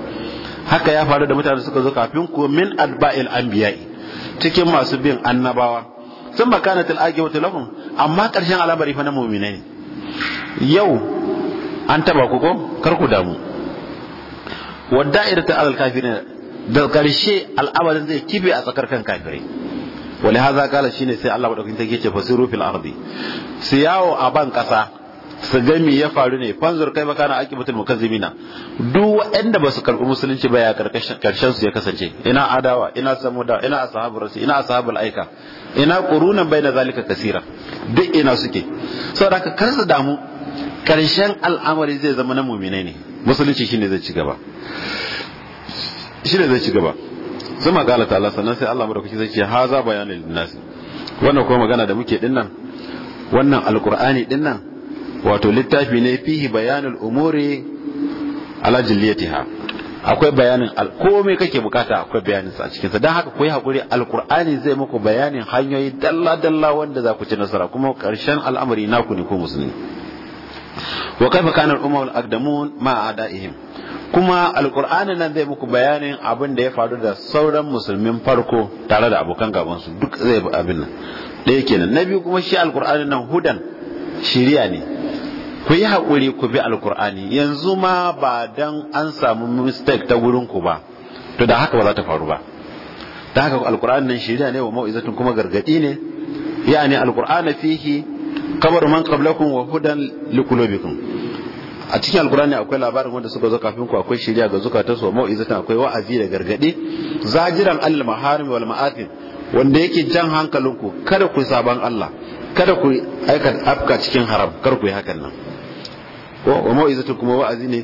haka ya faru da mutane suka zo kafin ku min adba'il anbiya'i cikin masu bin annabawa sun makanat wata lahum amma karshen al'amari fa na mu'minai ne yau an taba ku ko kar ku damu wadda irta al kafirin da karshe al'amarin zai kibe a tsakar kan kafirai wani haza kala shine sai Allah madaukakin take ce fasiru fil ardi su yawo a ban kasa su ga me ya faru ne fanzur kai makana akibatul mukazzimina duk waɗanda ba su karɓi musulunci ba ya karshen su ya kasance ina adawa ina samuda ina ashabul rasul ina ashabul aika ina quruna baina zalika kasira duk ina suke saboda ka kar su damu karshen al'amari zai zama na mu'minai ne musulunci shine zai ci gaba shine zai ci gaba zama ta Allah sannan sai Allah madaukaki zai ce haza bayanin linnasi wannan kuma magana da muke dinnan wannan alqur'ani dinnan wato littafi ne fihi bayanul umuri ala jilliyatiha akwai bayanin komai kake bukata akwai bayanin sa a cikin sa dan haka kuyi hakuri alqur'ani zai muku bayanin hanyoyi dalla dalla wanda za ku ci nasara kuma karshen al'amari naku ne ko musulmi wa kaifa kana al-umma al-aqdamun ma kuma alkur'ani nan zai muku bayanin abin da ya faru da sauran musulmin farko tare da abokan gabansu duk zai bi abin nan ɗaya kenan na biyu kuma shi alkur'ani nan hudan shiriya ne ku yi haƙuri ku bi alkur'ani yanzu ma ba dan an samu mistake ta gurin ku ba to da haka ba za ta faru ba da haka alkur'ani nan shiriya ne wa mau'izatun kuma gargaɗi ne yani alkur'ani fihi kabar man qablakum wa hudan likulubikum a cikin alkurani akwai labarin wanda suka zo kafin ku akwai shirya ga zukatan su mau'izatan akwai wa'azi da gargade zajiran al maharim wal ma'afin wanda yake jan hankalinku kada ku saban Allah kada ku aika afka cikin haram kar ku yi hakan nan wa mau'izatan kuma wa'azi ne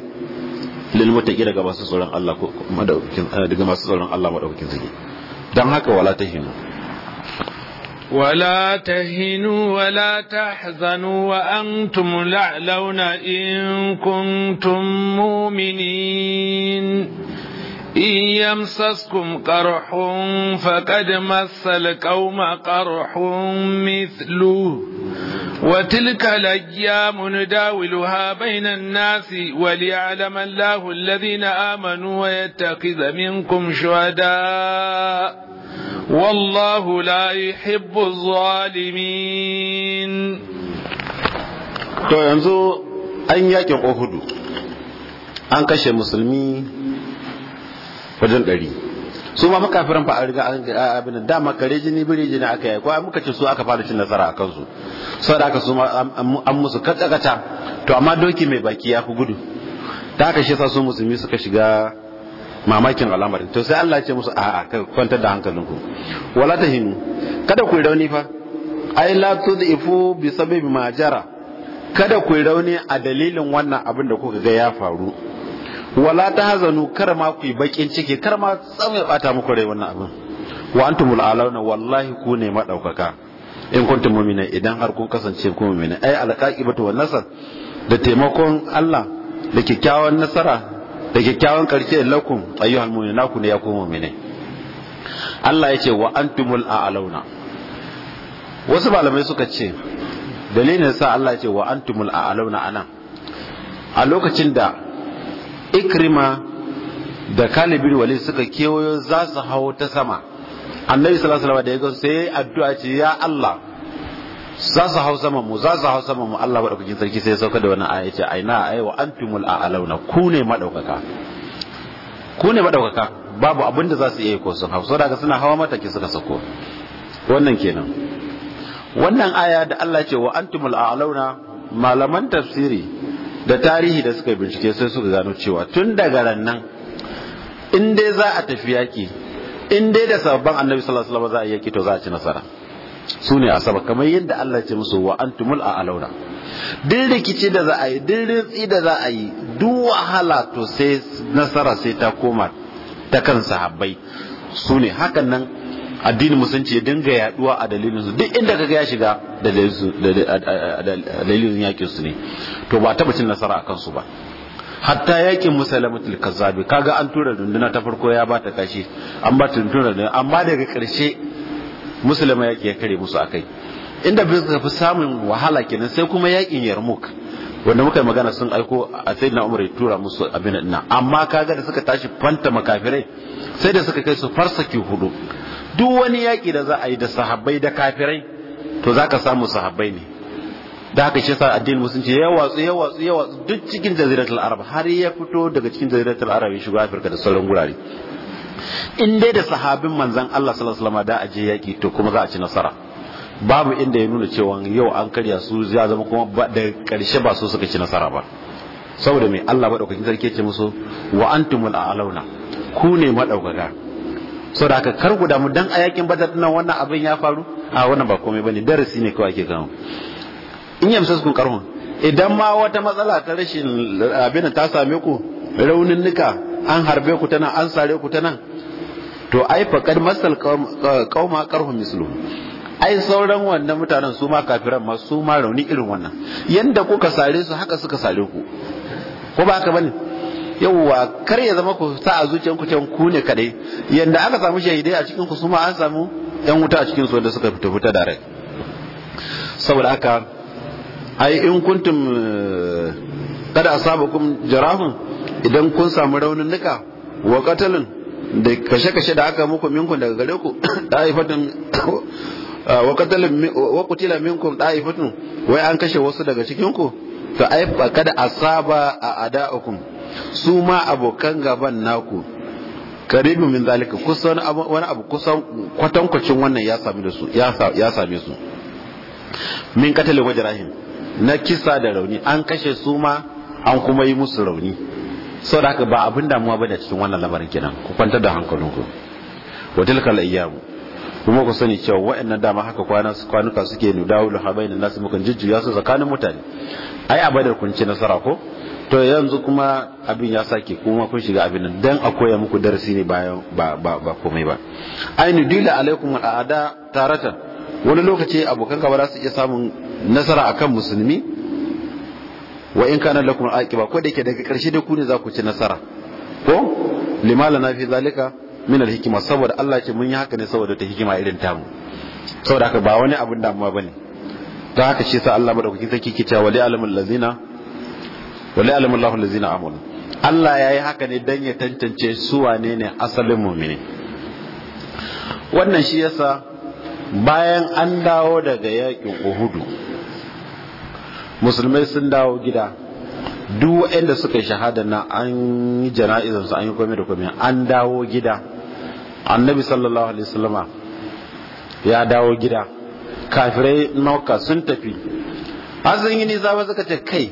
lil mutaqi daga masu tsoron Allah ko daga masu tsoron Allah madaukakin zaki dan haka wala ta hinu. ولا تهنوا ولا تحزنوا وأنتم لعلون إن كنتم مؤمنين إن يمسسكم قرح فقد مس القوم قرح مثله وتلك الأيام نداولها بين الناس وليعلم الله الذين آمنوا ويتخذ منكم شهداء والله لا يحب الظالمين to yanzu an yakin ohudu an kashe musulmi wajen ɗari su ma makafiran fa an riga abin dama kare jini biri jini aka yi ko muka ce su aka fara cin nasara a kansu saboda aka su an musu kakakata to amma doki mai baki ya fi gudu ta aka shi sa su musulmi suka shiga mamakin al'amarin to sai Allah ya ce musu a'a kai kwantar da hankalinku wala tahinu kada ku rauni fa ai la tud'ifu bi sababi ma jara kada ku rauni a dalilin wannan abin da kuka ga ya faru wala tahzanu kar ma ku bakin ciki kar ma tsamai bata muku rai wannan abin wa antumul alauna wallahi ku ne madaukaka in kuntum mu'mina idan har kun kasance ku mu'mina ai alqaqibatu wan nasar da taimakon Allah da kyakkyawan nasara da kyakkyawan karshe lakum ayyuhal mu'minuna ku ne ya ku mu'mine Allah ya ce wa antumul a'launa wasu malamai suka ce dalilin sa Allah ya ce wa antumul a'launa anan a lokacin da ikrima da kalibin wali suka kewayo za su hawo ta sama annabi sallallahu alaihi wasallam da ya ga sai addu'a ce ya Allah za su hau saman mu za su hau saman mu Allah madaukakin sarki sai ya sauka da wannan aya aina ai wa antumul a'launa ku ne madaukaka ku ne madaukaka babu abin da za su iya ko sun hau so daga suna hawa mataki suka sako wannan kenan wannan aya da Allah ce wa antumul a'launa malaman tafsiri da tarihi da suka bincike sai suka gano cewa tun daga rannan in dai za a tafi yaki in dai da sabbin annabi sallallahu alaihi wasallam za a yi yaki to za a ci nasara su ne asaba kamar yadda Allah ce musu wa a a'launa duk rikici da za a yi duk rintsi da za a yi duk wahala to sai nasara sai ta koma ta kan sahabbai su ne hakan nan addinin musulunci ya dinga yaduwa a dalilin su duk inda kaga ya shiga dalilin yakin su ne to ba taba cin nasara akan su ba hatta yakin musalamatul kazzabi kaga an tura dunduna ta farko ya bata kashi an bata tura runduna amma daga karshe musulma yaƙi ya kare musu kai inda bai suka fi samun wahala kenan sai kuma yaƙin yarmuk wanda muka yi magana sun aiko a sai na umar ya tura musu abin ina amma kaga da suka tashi fanta makafirai sai da suka kai su farsaki hudu duk wani yaƙi da za a yi da sahabbai da kafirai to za ka samu sahabbai ne da haka shi sa addinin musulunci ya watsu ya watsu ya watsu duk cikin jaziratul arab har ya fito daga cikin jaziratul arab ya shiga afirka da sauran gurare in dai da sahabin manzan Allah sallallahu alaihi wasallam da aje yaki to kuma za a ci nasara babu inda ya nuna cewa yau an karya su ya zama kuma da karshe ba su suka ci nasara ba saboda mai Allah madaukakin sarki ce musu wa antumul a'launa ku ne madaukaka saboda haka kar ku damu dan a yakin badar dinnan wannan abin ya faru a wannan ba komai bane darasi ne kawai ake gano in yamsa su karhun idan ma wata matsala ta rashin abin ta same ku raunin nika an harbe ku ta nan an sare ku ta nan to ai faqad masal qauma qarhu mislu ai sauran wannan mutanen su ma kafiran ma su ma rauni irin wannan yanda kuka sare su haka suka sare ku ko ba haka bane yawwa kar ya zama ku sa a zuciyar ku can ku ne kadai yanda aka samu shahidai a cikin ku su ma an samu yan wuta a cikin su wanda suka fita fita da rai saboda haka ai in kuntum eh, kada asabakum jarahun idan kun samu raunin nuka wa katalin da kashe-kashe da aka muku minkun daga gare ku ɗaifatun ah, wa katalin wa kutila minkun ɗaifatun wai an kashe wasu daga cikinku ta aifa kada a saba a ukun su ma abokan gaban naku karibu min zalika kusan wani abu kusan kwatankwacin wannan ya same da su ya same su min katalin wajirahim na kisa da rauni an kashe su ma an kuma yi musu rauni sau da haka ba abin damuwa ba da cikin wannan lamarin kenan ku kwantar da hankalinku wadilka laiyyamu kuma ku sani cewa wa'annan dama haka kwanuka suke nu dawulu da nasu mukan jujjuya su tsakanin mutane ai abadar kun kunci nasara ko to yanzu kuma abin ya sake kuma kun shiga abin nan dan a koya muku darasi ne bayan ba ba ba komai ba ai dila alaikum al'ada taratan wani lokaci abokan ba za su iya samun nasara akan musulmi wa in kana lakum aqiba ko da yake daga karshe da ku ne za ku ci nasara ko limala na fi zalika min alhikma saboda Allah ce mun yi haka ne saboda ta hikima irin tamu saboda haka ba wani abin damuwa bane ta haka shi sa Allah madaukakin sarki ke cewa wali alamul lazina wali alamul lahu lazina amanu Allah yayi haka ne dan ya tantance su wane ne asalin mu'mini wannan shi yasa bayan an dawo daga yakin Uhudu musulmai sun dawo gida duk waɗanda suka yi shahada na an yi jana'izansu an yi komai da komai an dawo gida annabi sallallahu alaihi wasallama ya dawo gida kafirai makka sun tafi har sun yi nisa ba suka ce kai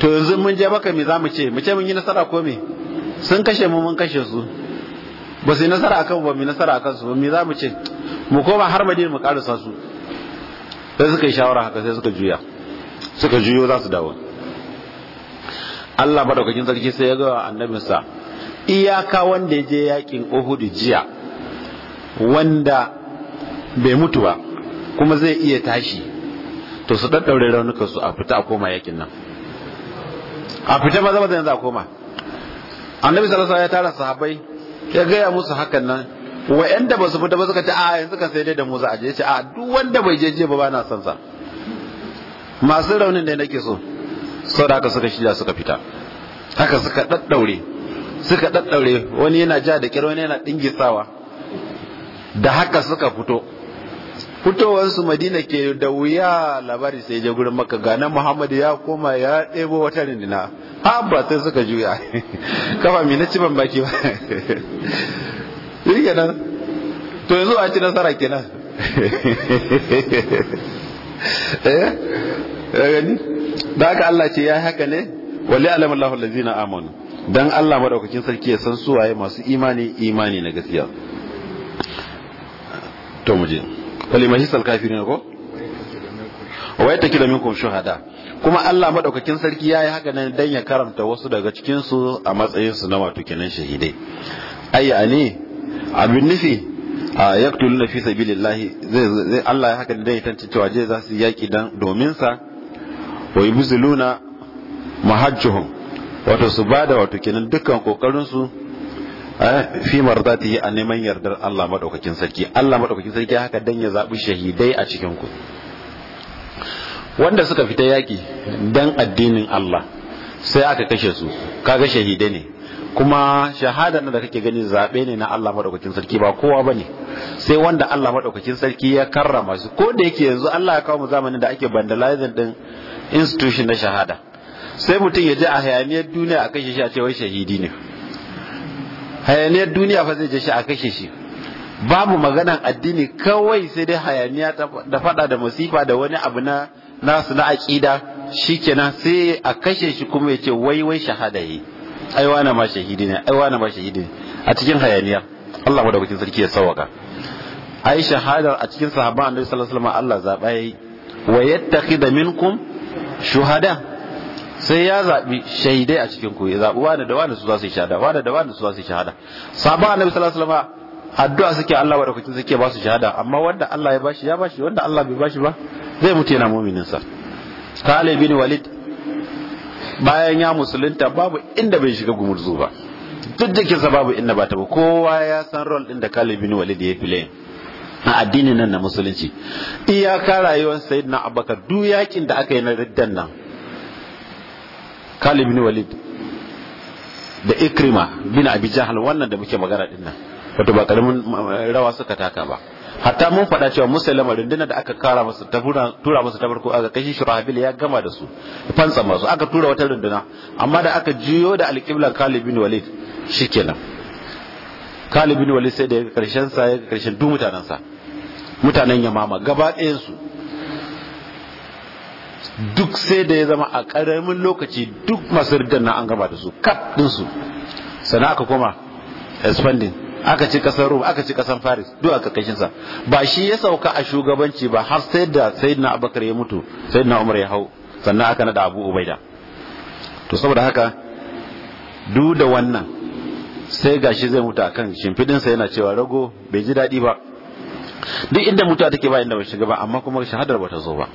to yanzu mun je maka me za mu ce mu ce mun yi nasara ko me sun kashe mu mun kashe su ba su yi nasara akan ba mu nasara akan su ba me za mu ce mu koma har madina mu karasa su sai suka yi shawara haka sai suka juya suka juyo za su dawo Allah madaukakin sarki sai ya gawa annabinsa iyaka wanda ya je yakin Uhud jiya wanda bai mutu ba kuma zai iya tashi to su daddaure raunukan su a fita a koma yakin nan a fita maza maza yanzu a koma annabi sallallahu alaihi wasallam ya tara sahabbai ya gaya musu hakan nan wa'anda ba su fita ba suka ce a yanzu ka sai dai da mu za a je ce a duk wanda bai je ba ba na son sa masu raunin da nake so sau da haka suka shirya suka fita haka suka ɗaɗɗaure suka ɗaɗɗaure wani yana ja da kira wani yana dingisawa da haka suka fito fitowarsu madina ke da wuya labari sai je gurin maka gane muhammadu ya koma ya ɗebo wata rindina Abba sai suka juya kafa mai na ciban baki ba to yanzu a ci nasara kenan Eh? da Allah ce ya haka ne wali lafi Allahu na amon don Allah maɗaukacin sarki ya san su waye masu imani imani na gaskiya to muje wali salkafi ne ko wai take da minkum shuhada kuma Allah madaukakin sarki ya yi haka nan dan ya karamta wasu daga cikinsu a matsayinsu na wato kenan shahidai ayya ne abin nufi a yaktuluna fi sabilillahi zai zai Allah ya haka dai tantance cewa je za su yaki dan domin sa wa yubziluna mahajjuhum wato su bada wato kenan dukkan kokarin su eh, fi mardatihi a neman yardar Allah madaukakin sarki Allah madaukakin sarki haka dan ya zabi shahidai a cikin ku wanda suka fita yaki dan addinin Allah sai aka kashe su kaga shahidai ne kuma shahada da kake gani zaɓe ne na Allah maɗaukakin sarki ba kowa ba ne sai wanda Allah maɗaukakin sarki ya karrama su ko da yake yanzu Allah ya kawo mu zamanin da ake vandalizing din institution na shahada sai mutum ya je a hayaniyar duniya a kashe shi a cewar shahidi ne hayaniyar duniya fa zai je shi a kashe shi babu maganan addini kawai sai dai hayaniya da faɗa da masifa da wani abu na nasu na aƙida shikenan sai a kashe shi kuma ya ce wai wai shahada yi ai wani ma shahidi ne ai wani ma shahidi ne a cikin hayaniya Allah madaukakin sarki ya sawaka Aisha shahadar a cikin sahabban annabi sallallahu alaihi wasallam Allah zaba yayi wa yattakhidha minkum shuhada sai ya zabi shahidai a cikin ku ya zabi wani da wanda su za su shahada wanda da wanda su za su shahada sahabban annabi sallallahu alaihi wasallam addu'a suke Allah madaukakin sarki ya ba su shahada amma wanda Allah ya bashi ya bashi wanda Allah bai bashi ba zai mutu yana mu'minin sa Khalid bin Walid bayan ya musulunta babu inda bai shiga gumurzu ba duk da kisa babu inda ba ta ba kowa ya san rol din da Khalid bin Walid ya fi a addinin nan na musulunci iyaka rayuwar sayyidina Abubakar duk yakin da aka yi na riddan nan Khalid bin Walid da Ikrima bin Abi Jahal wannan da muke magana din nan wato ba karamin rawa suka taka ba hatta mun faɗa cewa musallama rundunar da aka kara masa ta tura masa ta farko aka kashi shurahabil ya gama da su fansa masu aka tura wata runduna amma da aka jiyo da alƙibla Khalid bin Walid shikenan Khalid bin Walid sai da ya karshen sa ya karshen duk mutanen sa mutanen Yamama gaba ɗayan su duk sai da ya zama a ƙaramin lokaci duk masu riddan na an gaba da su kap din su sannan aka koma expanding aka ci kasar rum aka ci kasar Paris duk aka kashin sa ba shi ya sauka a shugabanci ba har sai da Sayyidina Abubakar ya mutu Sayyidina Umar ya hau sannan aka nada Abu Ubaida to saboda haka duk da wannan sai gashi zai mutu akan shimfidin sa yana cewa rago bai ji dadi ba duk inda mutuwa take ba inda bai shiga ba amma kuma shahadar ba ta zo ba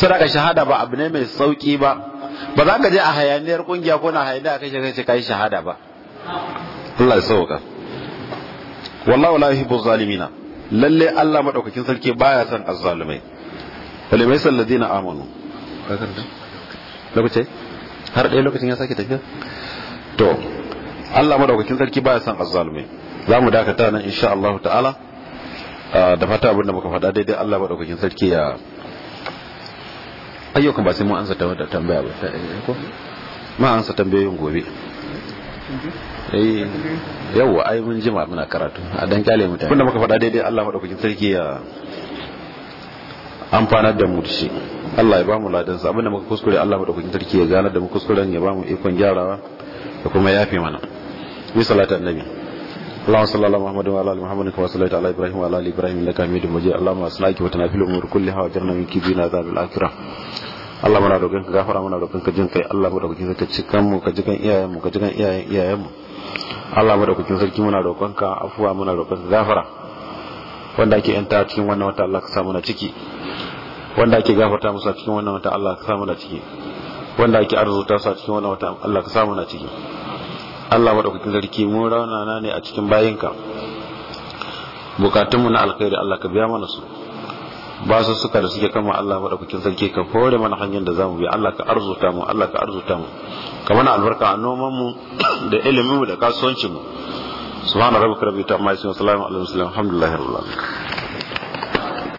sadaka shahada ba abu ne mai sauki ba ba za ka je a hayaniyar kungiya ko na hayaniya kai shi kai shahada ba Allah ya sauka wallahu la yuhibbu zalimina lalle Allah madaukakin sarki baya son azzalimai walimai salladina amanu lokaci har dai lokacin ya sake tafiya to Allah madaukakin sarki baya son azzalimai za mu dakata nan insha Allah ta'ala ah, da fata abinda muka faɗa daidai Allah madaukakin sarki ya ayyukan ba sai mun ansa tambaya ba eh, ko ma ansa tambayoyin gobe eh yawa ai mun jima muna karatu a dan kyale mutane da muka faɗa daidai Allah sarki ya amfanar da mu da shi Allah ya ba mu ladan sa abinda muka kuskure Allah sarki ya da mu kuskuren ya ba mu ikon gyarawa da kuma yafi mana ni salatu annabi اللهم صل على محمد وعلى ال محمد كما صليت على ابراهيم وعلى ال ابراهيم انك حميد مجيد اللهم اصلحك الامور كلها واجرنا من عذاب الاخره Allah muna ka gafara muna ka jin kai Allah ka cikan mu Allah madaukakin sarki muna roƙonka afuwa muna roƙon zafara wanda ake yanta cikin wannan wata Allah ka sa na ciki wanda ake gafarta musu a cikin wannan wata Allah ka sa na ciki wanda ake arzuta su a cikin wannan wata Allah ka sa na ciki Allah madaukakin sarki rauna na ne a cikin bayinka bukatunmu na alkhairi Allah ka biya mana su ba su suka da suke kama Allah madaukakin sarki ka kore mana hanyar da zamu bi Allah ka arzuta mu Allah ka arzuta mu kamar albarka a noman mu da ilimin mu da kasuwancin mu subhana rabbika rabbil izzati amma yasifun salamun alal mursalin alhamdulillahi rabbil alamin